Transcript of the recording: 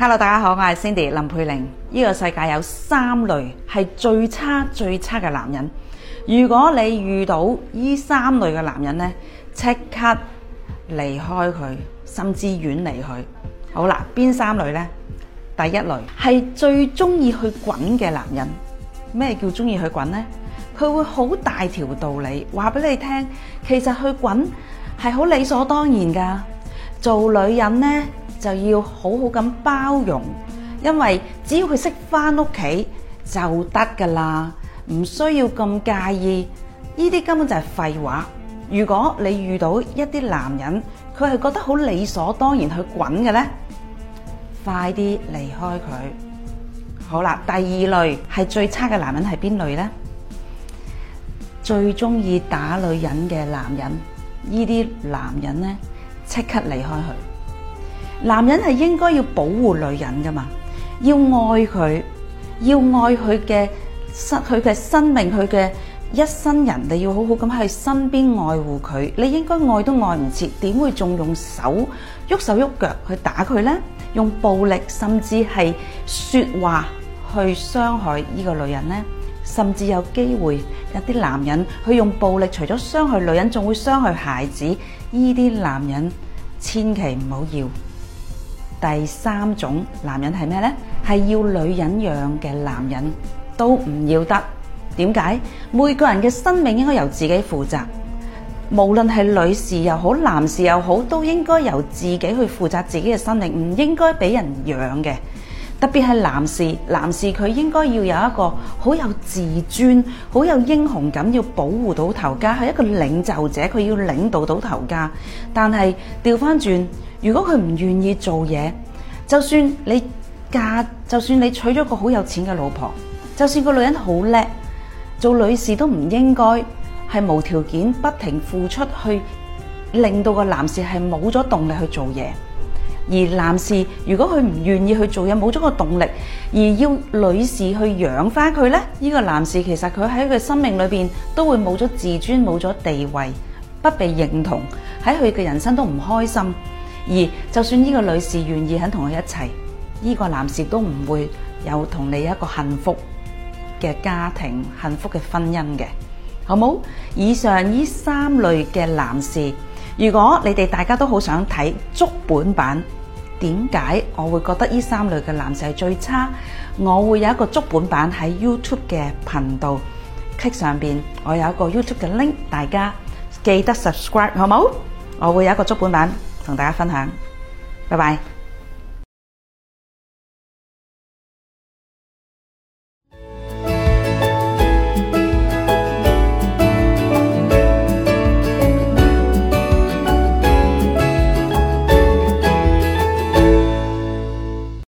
Hello，大家好，我係 Cindy 林佩玲。呢個世界有三類係最差最差嘅男人，如果你遇到呢三類嘅男人呢，即刻離開佢，甚至遠離佢。好啦，邊三類呢？第一類係最中意去滾嘅男人。咩叫中意去滾呢？佢會好大條道理話俾你聽，其實去滾係好理所當然噶。做女人呢，就要好好咁包容，因為只要佢識翻屋企就得噶啦，唔需要咁介意。呢啲根本就係廢話。如果你遇到一啲男人，佢係覺得好理所當然去滾嘅咧，快啲離開佢。好啦，第二類係最差嘅男人係邊類咧？最中意打女人嘅男人，呢啲男人咧，即刻離開佢。男人係應該要保護女人噶嘛，要愛佢，要愛佢嘅身、佢嘅生命、佢嘅一生人，你要好好咁喺身邊愛護佢。你應該愛都愛唔切，點會仲用手喐手喐腳去打佢呢？用暴力甚至係說話去傷害呢個女人呢？甚至有機會有啲男人佢用暴力，除咗傷害女人，仲會傷害孩子。呢啲男人千祈唔好要。第三種男人係咩呢？係要女人養嘅男人都唔要得。點解？每個人嘅生命應該由自己負責，無論係女士又好，男士又好，都應該由自己去負責自己嘅生命，唔應該俾人養嘅。特別係男士，男士佢應該要有一個好有自尊、好有英雄感，要保護到頭家，係一個領袖者，佢要領導到頭家。但係調返轉，如果佢唔願意做嘢，就算你嫁，就算你娶咗個好有錢嘅老婆，就算個女人好叻，做女士都唔應該係無條件不停付出去，令到個男士係冇咗動力去做嘢。而男士如果佢唔願意去做嘢，冇咗個動力，而要女士去養翻佢呢，呢個男士其實佢喺佢生命裏邊都會冇咗自尊、冇咗地位、不被認同，喺佢嘅人生都唔開心。而就算呢個女士願意肯同佢一齊，呢個男士都唔會有同你一個幸福嘅家庭、幸福嘅婚姻嘅，好冇？以上呢三類嘅男士，如果你哋大家都好想睇足本版。點解我會覺得呢三類嘅男士最差？我會有一個足本版喺 YouTube 嘅頻道，click 上面，我有一個 YouTube 嘅 link，大家記得 subscribe 好冇？我會有一個足本版同大家分享，拜拜。